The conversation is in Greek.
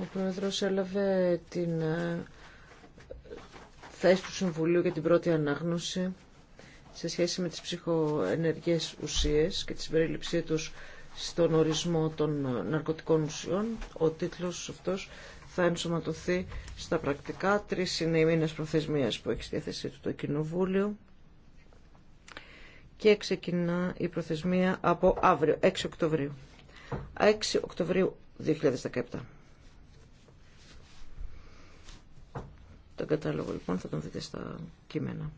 Ο Πρόεδρος έλαβε την ε, θέση του Συμβουλίου για την πρώτη ανάγνωση σε σχέση με τις ψυχοενεργές ουσίες και τη συμπερίληψή τους στον ορισμό των ε, ναρκωτικών ουσιών. Ο τίτλος αυτός θα ενσωματωθεί στα πρακτικά. Τρεις είναι οι μήνες προθεσμίας που έχει στη θέση του το Κοινοβούλιο και ξεκινά η προθεσμία από αύριο, 6 Οκτωβρίου. 6 Οκτωβρίου 2017. Το κατάλογο λοιπόν θα τον δείτε στα κείμενα.